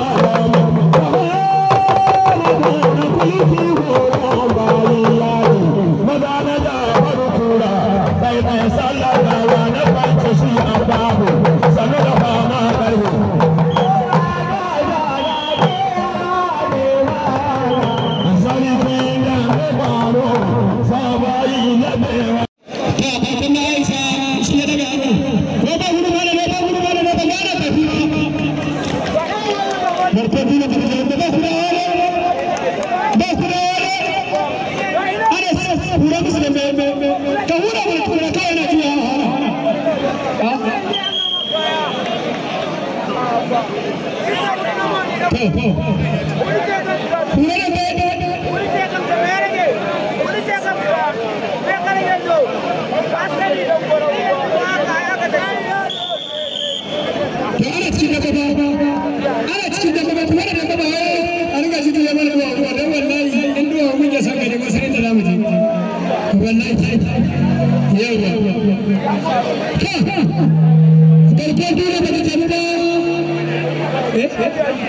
Lord.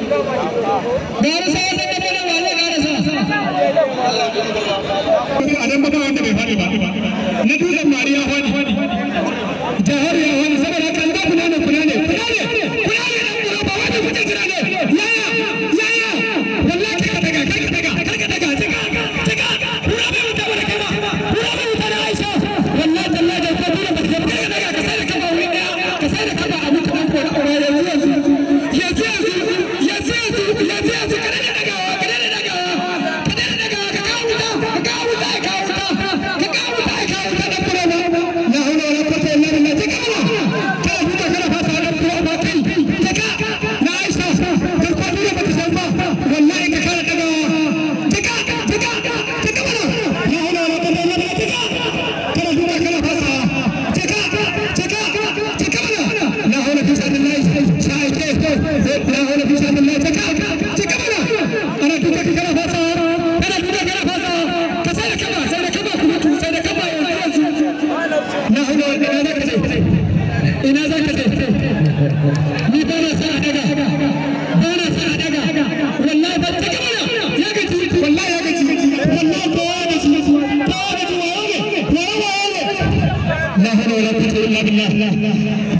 Adam ba wanda bai faɗi ba. Vamos lá.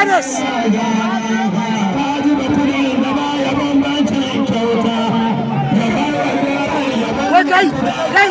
Anas. Wai kai,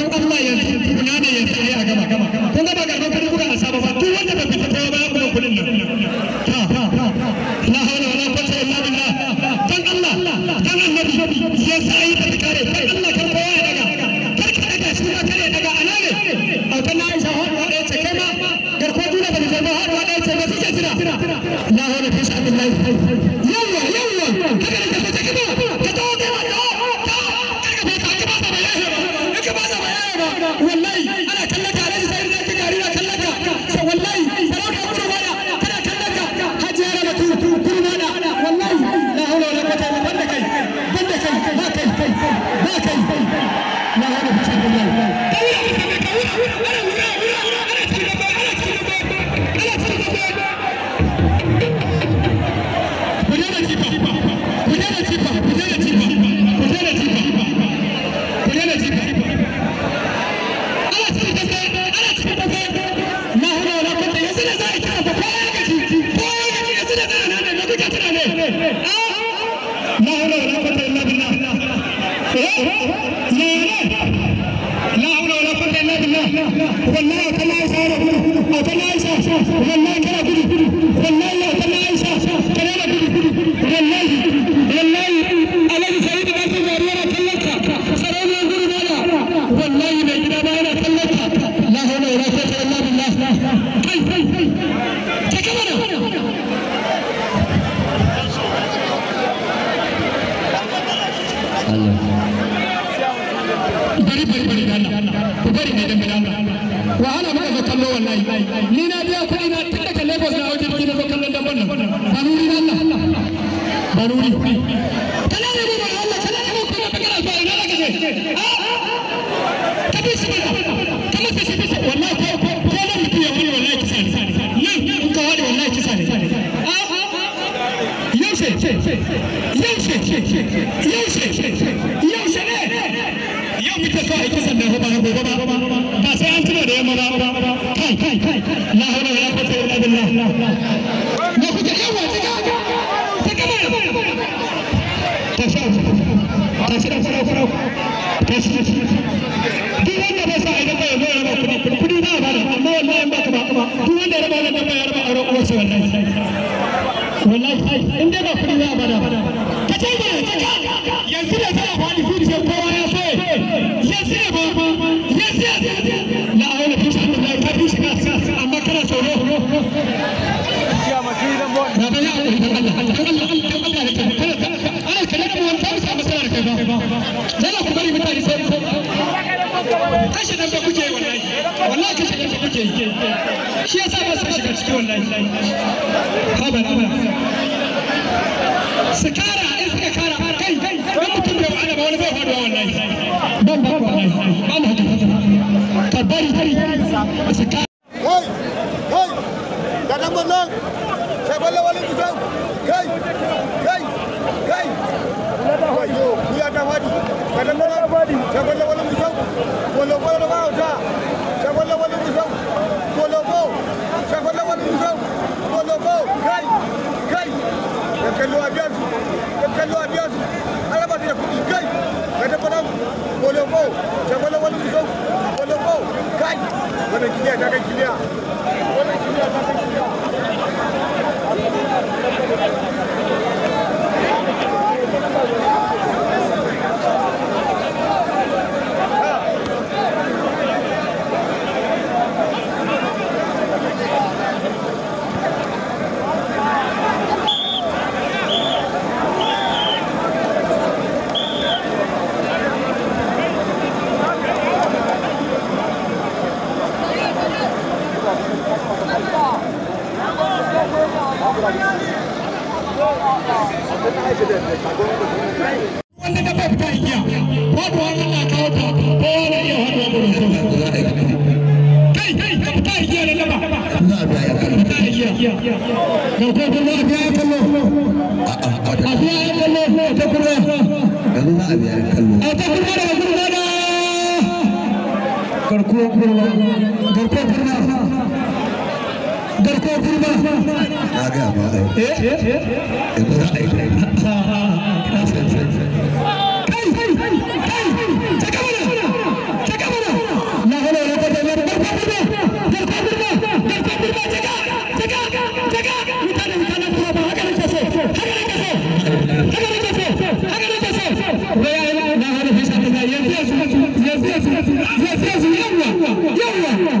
gobe sai an tuna da yamma ba ta shi shi ta duk wanda sa kudi ba in ba da kashe nan kuke wallahi wallahi kashe nan kuke shi yasa ba sa shiga ciki wallahi su kara in suka kara kai mutum bai ba wani bai wallahi ban 几点？大概几点？wanda da fafita igiya wato a biya kallo a a ta kurwa yanzu na ga ma ai kai Yeah, yeah,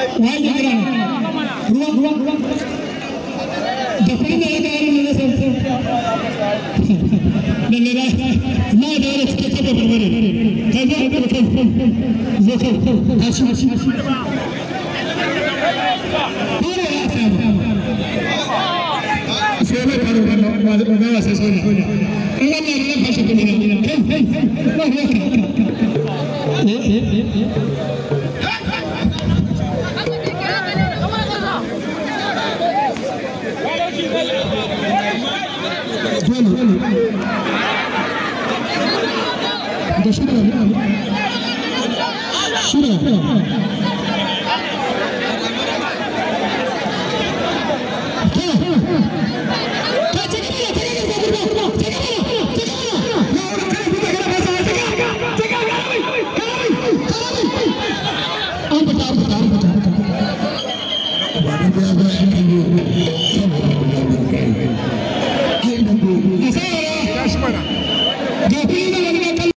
Yeah, yeah, yeah.